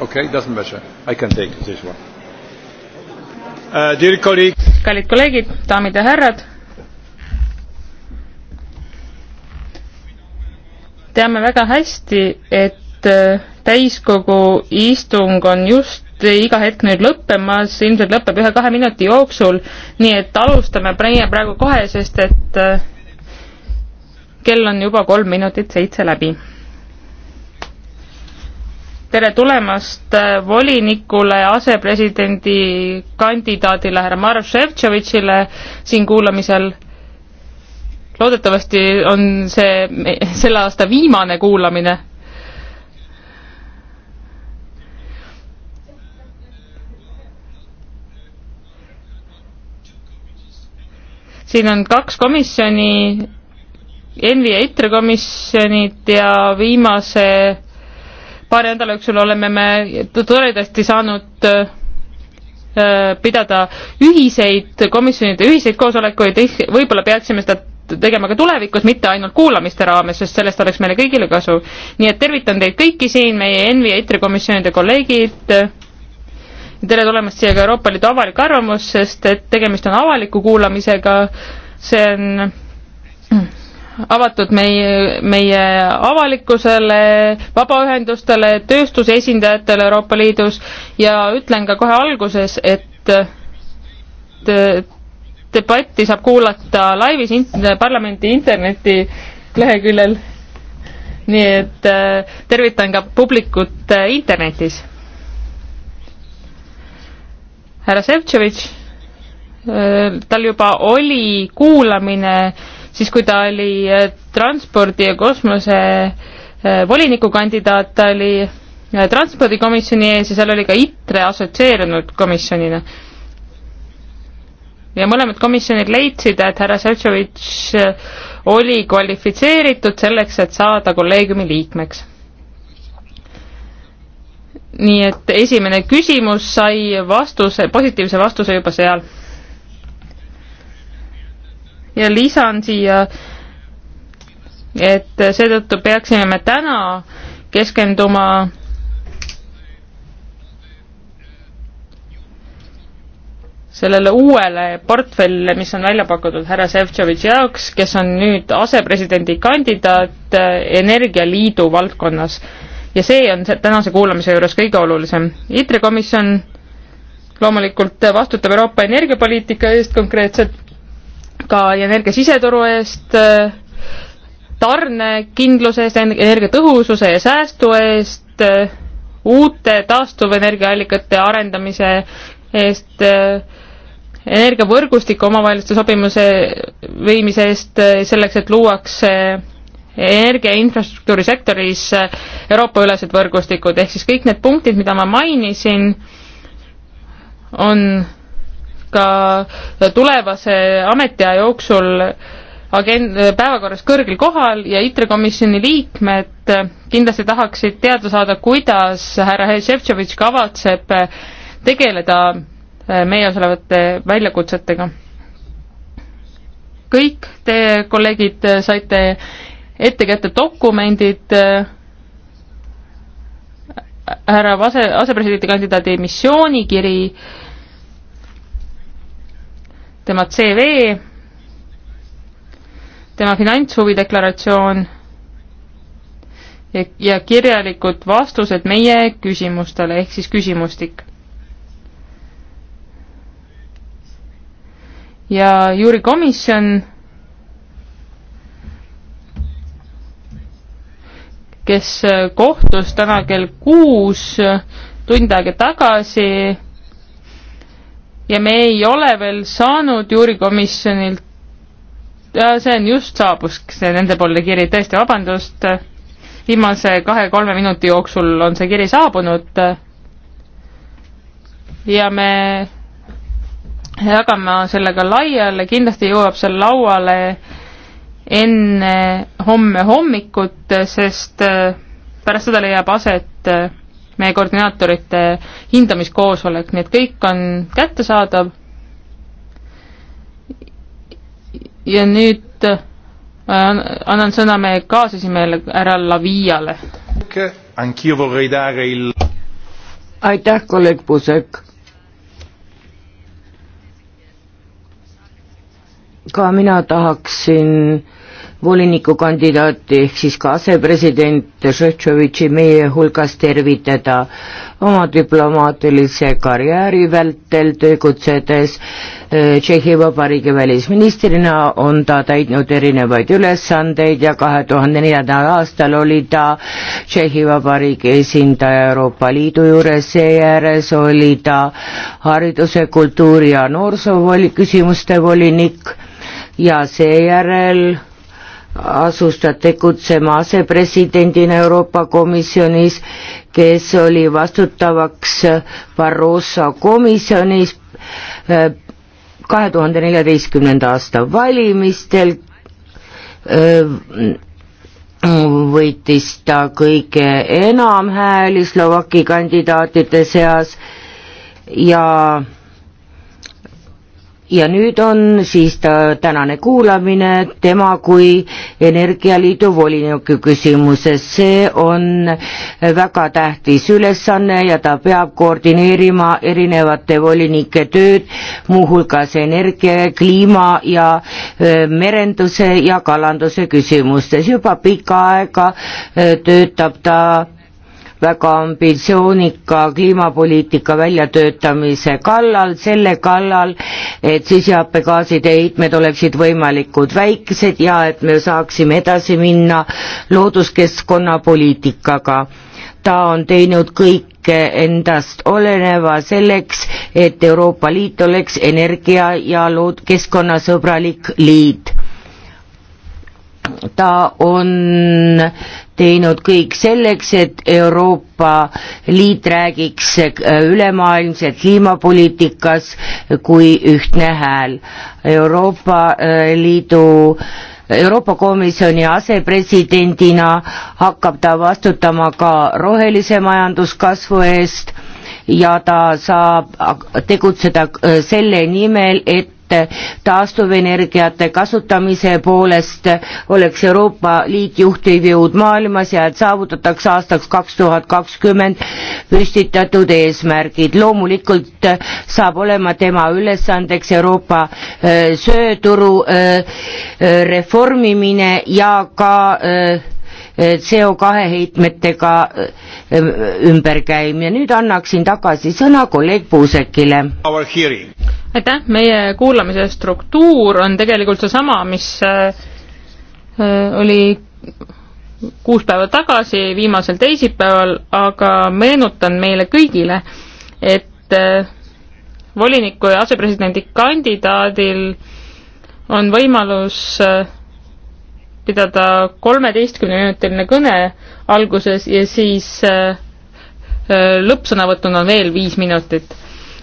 okei okay,, doesn't matter, I can take this one uh,. Dear colleagues. kallid kolleegid, daamid ja härrad. teame väga hästi, et äh, täiskogu istung on just iga hetk nüüd lõppemas, ilmselt lõpeb ühe-kahe minuti jooksul, nii et alustame meie praegu kohe, sest et äh, kell on juba kolm minutit seitse läbi tere tulemast äh, volinikule, asepresidendi kandidaadile härra Maroš Šefčovitšile siin kuulamisel. loodetavasti on see selle aasta viimane kuulamine. siin on kaks komisjoni, ENVI ja ITRE komisjonid ja viimase paari nädala jooksul oleme me toredasti saanud äh, pidada ühiseid komisjonide ühiseid koosolekuid, võib-olla peaksime seda tegema ka tulevikus, mitte ainult kuulamiste raames, sest sellest oleks meile kõigile kasu. nii et tervitan teid kõiki siin, meie ENVI ja ITRE komisjonide kolleegid. tere tulemast siia ka Euroopa Liidu avalik arvamus, sest et tegemist on avaliku kuulamisega. see on avatud meie, meie avalikkusele, vabaühendustele, tööstuse esindajatele Euroopa Liidus ja ütlen ka kohe alguses, et debatti saab kuulata laivis int parlamendi internetileheküljel. nii et äh, tervitan ka publikut äh, internetis. härra Ševtševitš, äh, tal juba oli kuulamine siis kui ta oli äh, transpordi ja kosmose äh, volinikukandidaat, ta oli äh, transpordikomisjoni ees ja seal oli ka ITRE assotsieerunud komisjonina. ja mõlemad komisjonid leidsid, et härra Šefčovitš oli kvalifitseeritud selleks, et saada kolleegiumi liikmeks. nii et esimene küsimus sai vastuse, positiivse vastuse juba seal ja lisan siia, et seetõttu peaksime me täna keskenduma sellele uuele portfellile, mis on välja pakutud härra Šefčovitši jaoks, kes on nüüd asepresidendi kandidaat Energialiidu valdkonnas. ja see on see tänase kuulamise juures kõige olulisem. ITRE komisjon loomulikult vastutab Euroopa energiapoliitika eest konkreetselt ka energia siseturu eest, tarnekindluse eest, energiatõhususe ja säästu eest, uute taastuvenergiaallikate arendamise eest, energiavõrgustiku omavaheliste sobimuse viimise eest, selleks et luuakse energia infrastruktuuri sektoris Euroopa-ülesed võrgustikud, ehk siis kõik need punktid, mida ma mainisin, on ka tulevase ametiaja jooksul agend-, päevakorras kõrgel kohal ja ITRE komisjoni liikmed kindlasti tahaksid teada saada, kuidas härra Šefčovitš kavatseb tegeleda meie ees olevate väljakutsetega. kõik teie kolleegid saite ette kätte dokumendid härra ase, asepresidendi kandidaadi missioonikiri äh, tema CV, tema finantshuvi deklaratsioon ja, ja kirjalikud vastused meie küsimustele, ehk siis küsimustik. ja juurikomisjon kes kohtus täna kell kuus tund aega tagasi ja me ei ole veel saanud juurikomisjonilt, äh, see on just saabus, see nende poolne kiri, tõesti, vabandust, äh, viimase kahe-kolme minuti jooksul on see kiri saabunud äh, ja me jagame selle ka laiali, kindlasti jõuab see lauale enne homme hommikut, sest pärast seda leiab aset meie koordinaatorite hindamiskoosolek, nii et kõik on kättesaadav. ja nüüd äh, annan sõna meie kaasesimehele härra Laviale. aitäh, kolleeg Pusek. ka mina tahaksin äh, volinikukandidaati ehk siis ka asepresident Šeštšovitši meie hulgas tervitada oma diplomaatilise karjääri vältel tegutsedes eh, Tšehhi Vabariigi välisministrina on ta täitnud erinevaid ülesandeid ja kahe tuhande neljandal aastal oli ta Tšehhi Vabariigi esindaja Euroopa Liidu juures, seejärel oli ta hariduse, kultuuri ja noorsoo küsimuste volinik ja seejärel asus ta tegutsema asepresidendina Euroopa Komisjonis, kes oli vastutavaks Barroso komisjonis äh, kahe tuhande neljateistkümnenda aasta valimistel äh, võitis ta kõige enam hääli Slovaki kandidaatide seas ja ja nüüd on siis ta tänane kuulamine tema kui Energialiidu voliniku küsimuses. see on väga tähtis ülesanne ja ta peab koordineerima erinevate volinike tööd, muuhulgas energia, kliima ja e, merenduse ja kalanduse küsimustes. juba pikka aega e, töötab ta väga ambitsioonika kliimapoliitika väljatöötamise kallal, selle kallal, et süsihappegaaside heitmed oleksid võimalikult väiksed ja et me saaksime edasi minna looduskeskkonnapoliitikaga. ta on teinud kõike endast oleneva selleks, et Euroopa Liit oleks energia- ja lood-, keskkonnasõbralik liit ta on teinud kõik selleks, et Euroopa Liit räägiks äh, ülemaailmselt kliimapoliitikas kui ühtne hääl. Euroopa äh, Liidu Euroopa Komisjoni asepresidendina hakkab ta vastutama ka rohelise majanduskasvu eest ja ta saab tegutseda äh, selle nimel, et taastuvenergiate kasutamise poolest oleks Euroopa Liit juhtiv jõud maailmas ja et saavutatakse aastaks kaks tuhat kakskümmend püstitatud eesmärgid. loomulikult saab olema tema ülesandeks Euroopa äh, sööturu äh, äh, reformimine ja ka öö, Eh, CO2 heitmetega eh, ümber käim ja nüüd annaksin tagasi sõna kolleeg Puusekile. aitäh, meie kuulamise struktuur on tegelikult seesama, mis eh, oli kuus päeva tagasi, viimasel teisipäeval, aga meenutan meile kõigile, et voliniku ja asepresidendi kandidaadil on võimalus äh, pidada kolmeteistkümneminutiline kõne alguses ja siis äh, äh, lõppsõnavõtuna on veel viis minutit.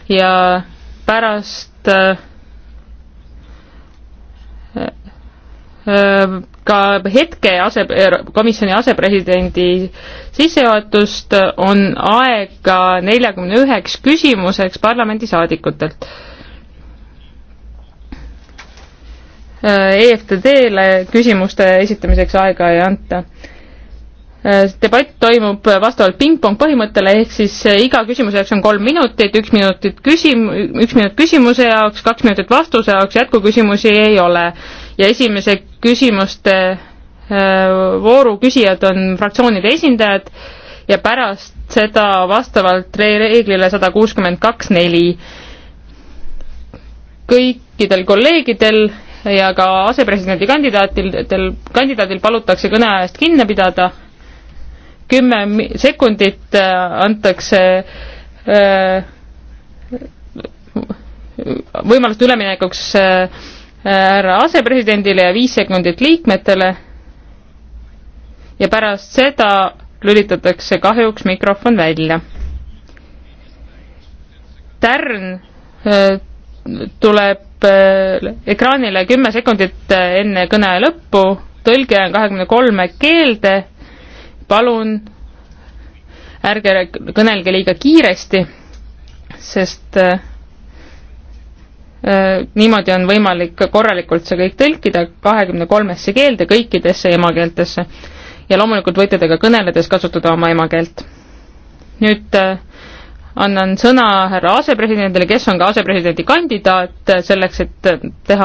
ja pärast äh, ka hetke ase, komisjoni asepresidendi sissejuhatust on aega neljakümne üheks küsimuseks parlamendisaadikutelt Äh, EFTD-le küsimuste esitamiseks aega ei anta. Äh, debatt toimub vastavalt pingpong põhimõttele, ehk siis äh, iga küsimuse jaoks on kolm minutit, üks minutit küsim-, üks minut küsimuse jaoks, kaks minutit vastuse jaoks, jätkuküsimusi ei ole. ja esimese küsimuste vooru küsijad on fraktsioonide esindajad ja pärast seda vastavalt reeglile sada kuuskümmend kaks neli. kõikidel kolleegidel ja ka asepresidendi kandidaatidel, kandidaadil palutakse kõneajast kinni pidada, kümme sekundit äh, antakse äh, võimalust üleminekuks äh, härra asepresidendile ja viis sekundit liikmetele ja pärast seda lülitatakse kahjuks mikrofon välja. tärn tuleb Äh, ekraanile kümme sekundit äh, enne kõne lõppu, tõlge on kahekümne kolme keelde, palun ärge kõnelge liiga kiiresti, sest äh, niimoodi on võimalik korralikult see kõik tõlkida kahekümne kolmesse keelde, kõikidesse emakeeltesse. ja loomulikult võite te ka kõneledes kasutada oma emakeelt. nüüd äh, annan sõna härra asepresidendile, kes on ka asepresidendi kandidaat, selleks et teha